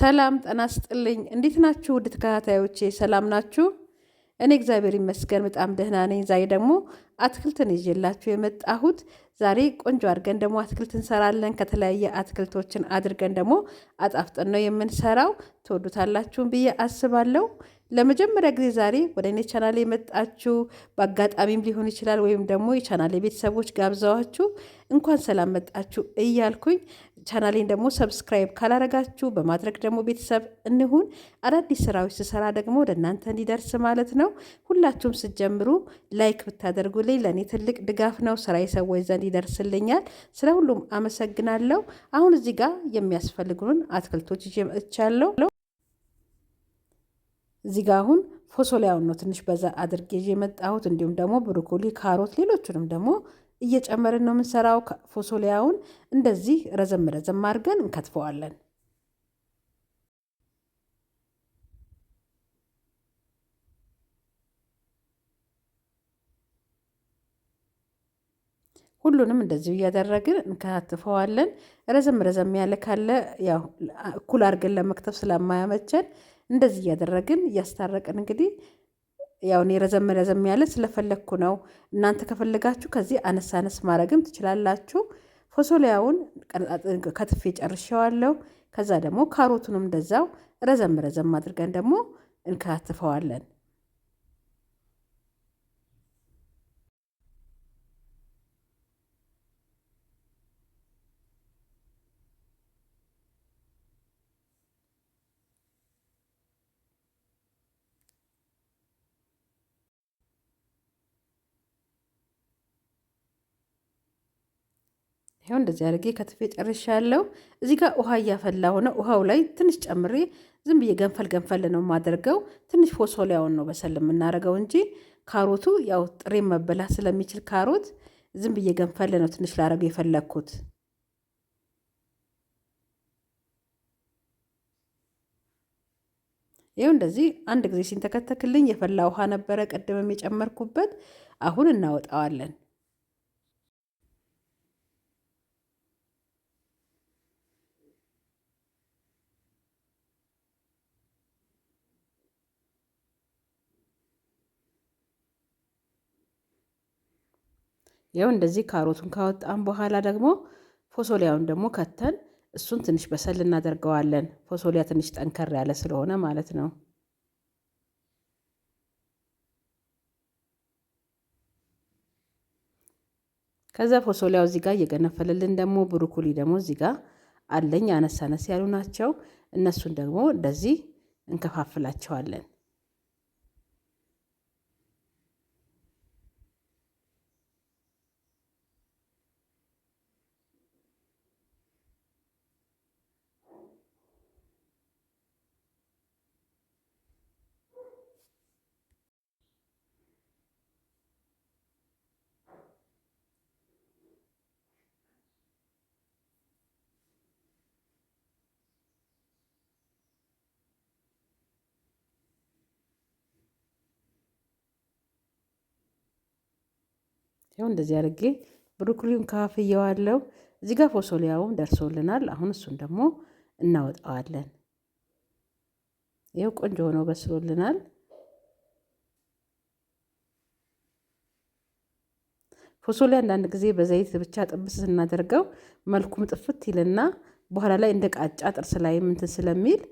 ሰላም ጠና ስጥልኝ እንዴት ናችሁ? ውድ ተከታታዮቼ ሰላም ናችሁ? እኔ እግዚአብሔር ይመስገን በጣም ደህና ነኝ። ዛሬ ደግሞ አትክልትን ይዤላችሁ የመጣሁት ዛሬ ቆንጆ አድርገን ደግሞ አትክልት እንሰራለን። ከተለያየ አትክልቶችን አድርገን ደግሞ አጣፍጠን ነው የምንሰራው። ትወዱታላችሁን ብዬ አስባለሁ። ለመጀመሪያ ጊዜ ዛሬ ወደ እኔ ቻናል የመጣችሁ በአጋጣሚም ሊሆን ይችላል፣ ወይም ደግሞ የቻናል ቤተሰቦች ጋብዘዋችሁ እንኳን ሰላም መጣችሁ እያልኩኝ ቻናሌን ደግሞ ሰብስክራይብ ካላረጋችሁ በማድረግ ደግሞ ቤተሰብ እንሁን። አዳዲስ ስራዎች ስሰራ ደግሞ ወደ እናንተ እንዲደርስ ማለት ነው። ሁላችሁም ስጀምሩ ላይክ ብታደርጉልኝ ለእኔ ትልቅ ድጋፍ ነው፣ ስራ የሰዎች ዘንድ ይደርስልኛል። ስለ ሁሉም አመሰግናለሁ። አሁን እዚህ ጋር የሚያስፈልጉን አትክልቶች ይዤ መጥቻለሁ። እዚህ ጋር አሁን ፎሶሊያውን ነው ትንሽ በዛ አድርጌ ይዤ የመጣሁት እንዲሁም ደግሞ ብሮኮሊ፣ ካሮት ሌሎቹንም ደግሞ እየጨመርን ነው የምንሰራው። ፎሶሊያውን እንደዚህ ረዘም ረዘም አድርገን እንከትፈዋለን። ሁሉንም እንደዚሁ እያደረግን እንከታትፈዋለን። ረዘም ረዘም ያለ ካለ ያው እኩል አድርገን ለመክተፍ ስለማያመቸን እንደዚህ እያደረግን እያስታረቅን እንግዲህ ያው እኔ ረዘም ረዘም ያለ ስለፈለግኩ ነው። እናንተ ከፈለጋችሁ ከዚህ አነስ አነስ ማድረግም ትችላላችሁ። ፎሶሊያውን ከትፌ ጨርሼዋለሁ። ከዛ ደግሞ ካሮቱንም እንደዛው ረዘም ረዘም አድርገን ደግሞ እንከትፈዋለን። ይኸው እንደዚህ አድርጌ ከትፌ ጨርሻለሁ። እዚህ ጋር ውሃ እያፈላሁ ሆነ። ውሃው ላይ ትንሽ ጨምሬ ዝም ብዬ ገንፈል ገንፈል ነው የማደርገው። ትንሽ ፎሶሊያውን ነው በሰል የምናደርገው እንጂ ካሮቱ ያው ጥሬ መበላት ስለሚችል ካሮት ዝም ብዬ ገንፈል ነው ትንሽ ላረግ የፈለግኩት። ይኸው እንደዚህ አንድ ጊዜ ሲንተከተክልኝ የፈላ ውሃ ነበረ ቅድምም የጨመርኩበት። አሁን እናወጣዋለን። ይኸው እንደዚህ ካሮቱን ካወጣን በኋላ ደግሞ ፎሶሊያውን ደግሞ ከተን እሱን ትንሽ በሰል እናደርገዋለን። ፎሶሊያ ትንሽ ጠንከር ያለ ስለሆነ ማለት ነው። ከዛ ፎሶሊያው እዚህ ጋር እየገነፈለልን ደግሞ ብሩኩሊ ደግሞ እዚህ ጋር አለኝ አነሳነስ ያሉ ናቸው። እነሱን ደግሞ እንደዚህ እንከፋፍላቸዋለን። ይኸው እንደዚህ አድርጌ ብሮኮሊውን ካፍየዋለሁ። እዚህ ጋር ፎሶሊያውም ደርሶልናል። አሁን እሱን ደግሞ እናወጣዋለን። ይኸው ቆንጆ ሆኖ በስሎልናል። ፎሶሊያ አንዳንድ ጊዜ በዘይት ብቻ ጥብስ ስናደርገው መልኩም ጥፍት ይልና በኋላ ላይ እንደ ቃጫ ጥርስ ላይ ምንትን ስለሚል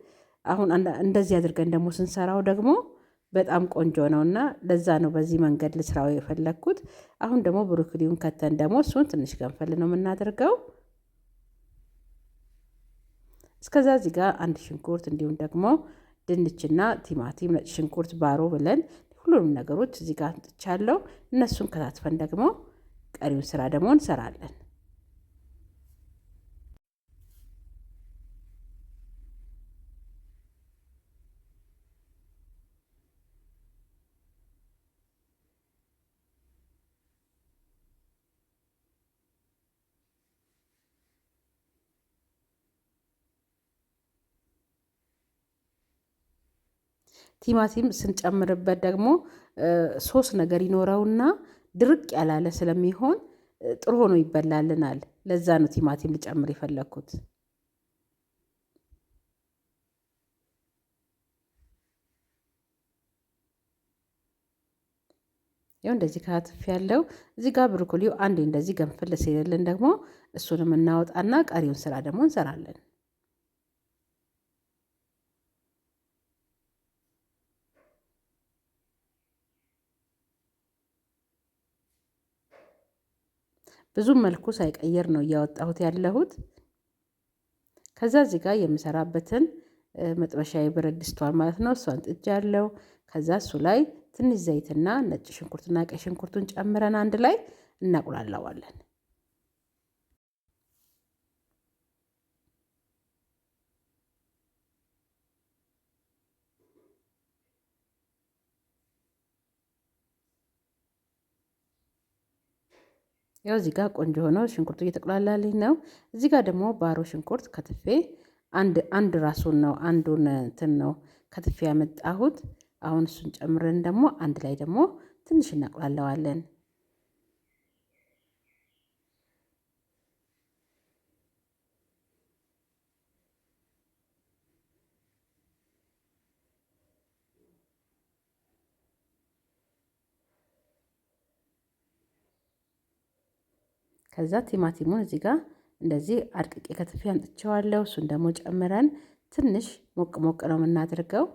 አሁን እንደዚህ አድርገን ደግሞ ስንሰራው ደግሞ በጣም ቆንጆ ነው እና ለዛ ነው በዚህ መንገድ ልስራው የፈለግኩት። አሁን ደግሞ ብሮኮሊውን ከተን ደግሞ እሱን ትንሽ ገንፈል ነው የምናደርገው። እስከዛ እዚህ ጋር አንድ ሽንኩርት እንዲሁም ደግሞ ድንችና ቲማቲም፣ ነጭ ሽንኩርት ባሮ ብለን ሁሉንም ነገሮች እዚህ ጋር አምጥቻለሁ። እነሱን ከታትፈን ደግሞ ቀሪውን ስራ ደግሞ እንሰራለን። ቲማቲም ስንጨምርበት ደግሞ ሶስት ነገር ይኖረውና ድርቅ ያላለ ስለሚሆን ጥሩ ሆኖ ይበላልናል። ለዛ ነው ቲማቲም ልጨምር የፈለግኩት። ያው እንደዚህ ከትፍ ያለው እዚህ ጋር ብሮኮሊው አንዴ እንደዚህ ገንፍል ሲልልን ደግሞ እሱንም እናወጣና ቀሪውን ስራ ደግሞ እንሰራለን። ብዙም መልኩ ሳይቀየር ነው እያወጣሁት ያለሁት። ከዛ እዚህ ጋር የምሰራበትን መጥበሻ የብረት ድስቷን ማለት ነው እሷን ጥጃ ያለው። ከዛ እሱ ላይ ትንሽ ዘይትና ነጭ ሽንኩርትና ቀይ ሽንኩርቱን ጨምረን አንድ ላይ እናቁላላዋለን። ያው እዚህ ጋር ቆንጆ ሆኖ ሽንኩርቱ እየተቆላላልኝ ነው። እዚህ ጋር ደግሞ ባሮ ሽንኩርት ከትፌ አንድ አንድ ራሱን ነው አንዱን እንትን ነው ከትፌ ያመጣሁት። አሁን እሱን ጨምረን ደግሞ አንድ ላይ ደግሞ ትንሽ እናቁላለዋለን። ከዛ ቲማቲሙን እዚህ ጋር እንደዚህ አድቅቄ ከትፌ አንጥቼዋለሁ። እሱን ደግሞ ጨምረን ትንሽ ሞቅ ሞቅ ነው የምናደርገው።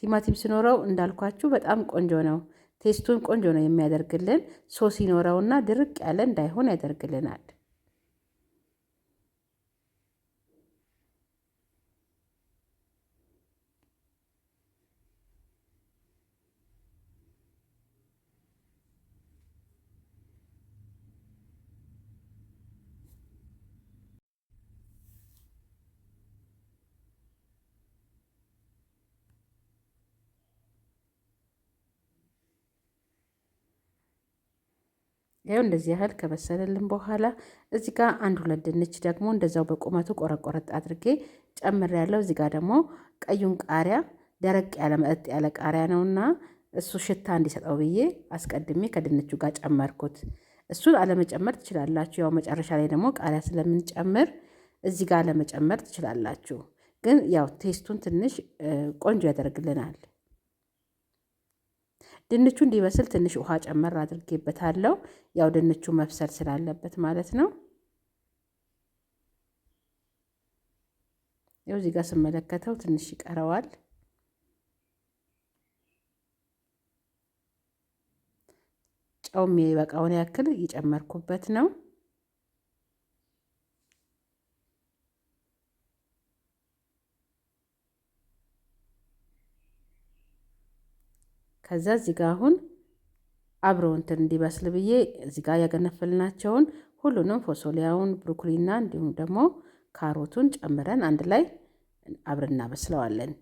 ቲማቲም ሲኖረው እንዳልኳችሁ በጣም ቆንጆ ነው። ቴስቱን ቆንጆ ነው የሚያደርግልን። ሶስ ሲኖረውና ድርቅ ያለ እንዳይሆን ያደርግልናል። ያው እንደዚህ ያህል ከበሰለልን በኋላ እዚህ ጋር አንድ ሁለት ድንች ደግሞ እንደዛው በቁመቱ ቆረቆረጥ አድርጌ ጨምር ያለው። እዚህ ጋር ደግሞ ቀዩን ቃሪያ ደረቅ ያለ መጠጥ ያለ ቃሪያ ነውና እሱ ሽታ እንዲሰጠው ብዬ አስቀድሜ ከድንቹ ጋር ጨመርኩት። እሱን አለመጨመር ትችላላችሁ። ያው መጨረሻ ላይ ደግሞ ቃሪያ ስለምንጨምር እዚህ ጋር አለመጨመር ትችላላችሁ። ግን ያው ቴስቱን ትንሽ ቆንጆ ያደርግልናል። ድንቹ እንዲበስል ትንሽ ውሃ ጨመር አድርጌበታለሁ። ያው ድንቹ መብሰል ስላለበት ማለት ነው። ያው እዚህ ጋር ስመለከተው ትንሽ ይቀረዋል። ጨውም የበቃውን ያክል እየጨመርኩበት ነው። ከዛ እዚህ ጋር አሁን አብረው እንትን እንዲበስል ብዬ እዚህ ጋር ያገነፈልናቸውን ሁሉንም ፎሶሊያውን ብሩኮሊና እንዲሁም ደግሞ ካሮቱን ጨምረን አንድ ላይ አብረን እናበስለዋለን።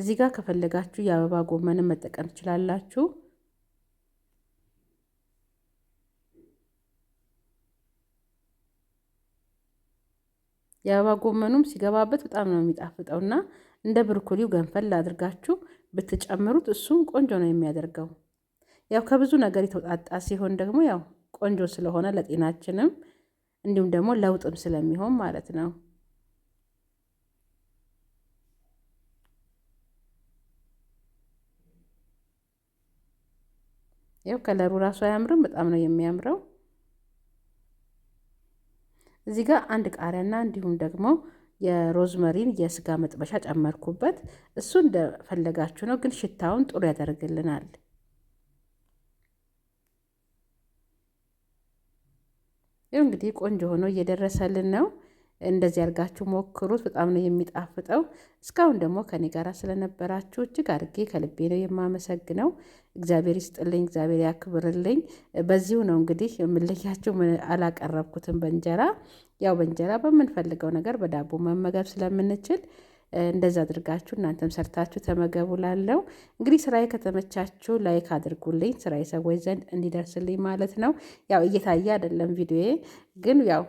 እዚህ ጋር ከፈለጋችሁ የአበባ ጎመንን መጠቀም ትችላላችሁ። የአበባ ጎመኑም ሲገባበት በጣም ነው የሚጣፍጠው እና እንደ ብርኮሊው ገንፈል አድርጋችሁ ብትጨምሩት እሱም ቆንጆ ነው የሚያደርገው። ያው ከብዙ ነገር የተውጣጣ ሲሆን ደግሞ ያው ቆንጆ ስለሆነ ለጤናችንም እንዲሁም ደግሞ ለውጥም ስለሚሆን ማለት ነው። ያው ከለሩ ራሱ አያምርም? በጣም ነው የሚያምረው። እዚህ ጋር አንድ ቃሪያና እንዲሁም ደግሞ የሮዝመሪን የስጋ መጥበሻ ጨመርኩበት። እሱ እንደፈለጋችሁ ነው፣ ግን ሽታውን ጥሩ ያደርግልናል። ይኸው እንግዲህ ቆንጆ ሆኖ እየደረሰልን ነው። እንደዚህ አድርጋችሁ ሞክሩት። በጣም ነው የሚጣፍጠው። እስካሁን ደግሞ ከኔ ጋር ስለነበራችሁ እጅግ አድርጌ ከልቤ ነው የማመሰግነው። እግዚአብሔር ይስጥልኝ፣ እግዚአብሔር ያክብርልኝ። በዚሁ ነው እንግዲህ የምለያችሁ። አላቀረብኩትም በእንጀራ ያው በእንጀራ በምንፈልገው ነገር በዳቦ መመገብ ስለምንችል እንደዛ አድርጋችሁ እናንተም ሰርታችሁ ተመገቡ። ላለው እንግዲህ ስራዬ ከተመቻችሁ ላይክ አድርጉልኝ፣ ስራዬ ሰዎች ዘንድ እንዲደርስልኝ ማለት ነው። ያው እየታየ አይደለም ቪዲዮዬ ግን ያው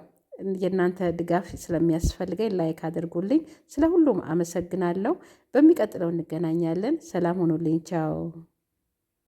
የእናንተ ድጋፍ ስለሚያስፈልገኝ ላይክ አድርጉልኝ። ስለ ሁሉም አመሰግናለሁ። በሚቀጥለው እንገናኛለን። ሰላም ሆኖልኝ ቻው።